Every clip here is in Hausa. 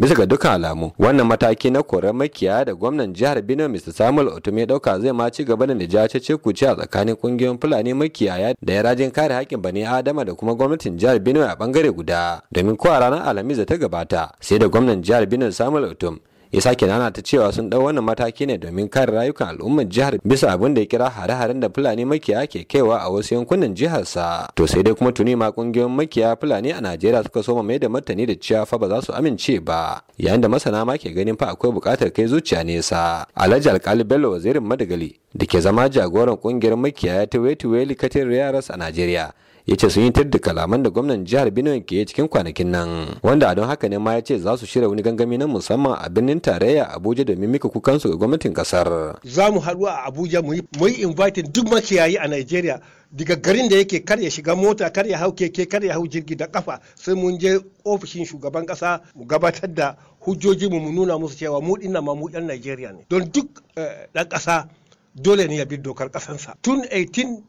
bisa ga duka alamu wannan mataki na koran makiya da gwamnan jihar Benue Mr Samuel Otume dauka zai ma ci gaba da nija ce ce a tsakanin kungiyoyin Fulani makiyaya da ya rajin kare haƙƙin bani Adama da kuma gwamnatin jihar Benue a bangare guda domin ko a ranar Alhamis da ta gabata sai da gwamnan jihar Benue Samuel Otum ya sake nana ta cewa sun ɗau wannan mataki ne domin kare rayukan al'ummar jihar bisa abin da ya kira hare-haren da fulani makiya ke kaiwa a wasu yankunan jihar sa to sai dai kuma tuni ma kungiyoyin makiya fulani a najeriya suka soma mai da martani da cewa fa ba za su amince ba yayin da masana ma ke ganin fa akwai buƙatar kai zuciya nesa alhaji alkali bello wazirin madagali da ke zama jagoran kungiyar makiyaya ta weli katin riyaras a najeriya ya ce sun yi tar da kalaman da gwamnan jihar benue ke cikin kwanakin nan wanda a don haka ne ma ya ce za su shirya wani gangami na musamman a birnin tarayya abuja domin mika kukansu ga gwamnatin kasar za mu haɗu a abuja mu yi inviting duk makiyayi a nigeria daga garin da yake kar ya shiga mota kar ya hau keke kar ya hau jirgi da kafa sai mun je ofishin shugaban kasa mu gabatar da hujjoji mu nuna musu cewa mu dinna ma mu yan nigeria ne don duk dan eh, kasa dole ne ya bi dokar kasansa tun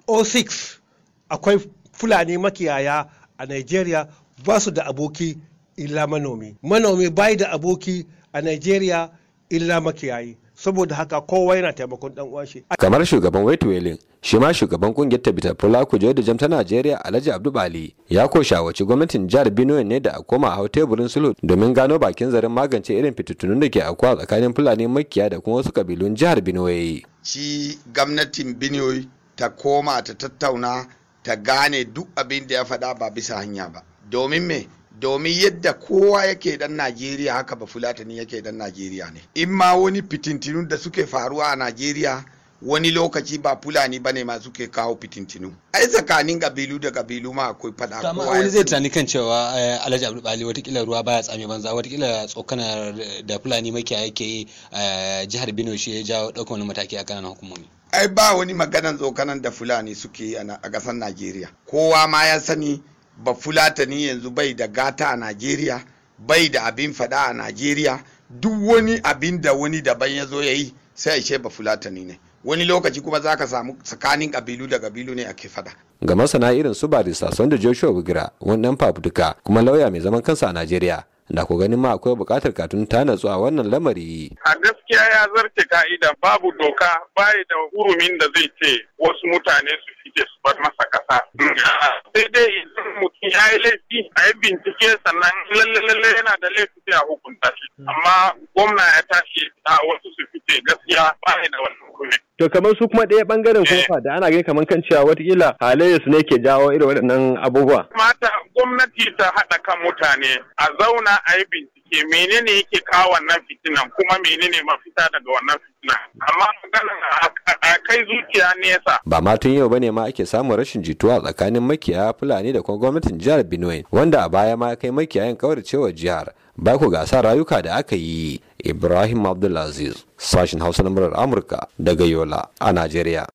1806 akwai fulani makiyaya a nigeria ba su da aboki illa manomi manomi bai da aboki a nigeria illa makiyayi saboda haka kowa yana taimakon dan uwan shi kamar shugaban waitwelin shi ma shugaban kungiyar tabita fula kujo da jam ta najeriya alhaji abdu bali ya ko shawarci gwamnatin jihar benue ne da a koma a hau teburin sulhu domin gano bakin zarin magance irin fitattunun da ke akwa tsakanin fulani makiya da kuma wasu kabilun jihar benue Ci gwamnatin biniyoyi ta koma ta tattauna ta gane duk abin da ya faɗa ba bisa hanya ba domin me domin yadda kowa yake dan najeriya haka ba fulatani yake dan najeriya ne in ma wani fitintinun da suke faruwa a najeriya wani lokaci ba fulani ba ne masu ke kawo fitintinu ai tsakanin gabilu da gabilu ma akwai fada kama wani zai tunani kan cewa eh, alhaji abdul bali watakila ruwa baya tsami banza watakila tsokanar da fulani makiya yake yi eh, jihar Bino shi ya jawo ɗaukar wani mataki a kananan hukumomi ai ba wani maganan tsokanan da fulani suke yi a ƙasar najeriya kowa ma ya sani ba fulatani yanzu bai da gata a najeriya bai da abin fada a najeriya duk wani abin da wani daban ya zo ya yi sai a ce ba fulatani ne wani lokaci kuma za ka samu tsakanin kabilu da kabilu ne ake fada ga masana irin su barista sanda joshua wigira wannan fafutuka kuma lauya mai zaman kansa a najeriya da ku ganin ma akwai buƙatar katun ta natsu a wannan lamari. A gaskiya ya zarce ka'ida babu doka baya da hurumin da zai ce wasu mutane su a yi bincike sannan lalle lalle yana da laifi a hukunta shi hmm. amma gwamna ya tashi a wasu su fice gaskiya ba da wannan kuma to kamar su kuma ɗaya bangaren kofa eh. da ana gani kamar kan cewa watakila su ne ke jawo irin waɗannan abubuwa mata gwamnati ta haɗa kan mutane a zauna a yi bincike menene yake kawo wannan fitinan kuma menene mafita daga wannan makiya nesa. Ba ma tun yau bane ma ake samun rashin jituwa tsakanin makiya Fulani da kuma gwamnatin jihar Benue wanda a baya ma kai makiyayan cewa jihar ba ku gasa rayuka da aka yi. Ibrahim Abdulaziz, Sashen Hausa na Amurka daga Yola a Najeriya.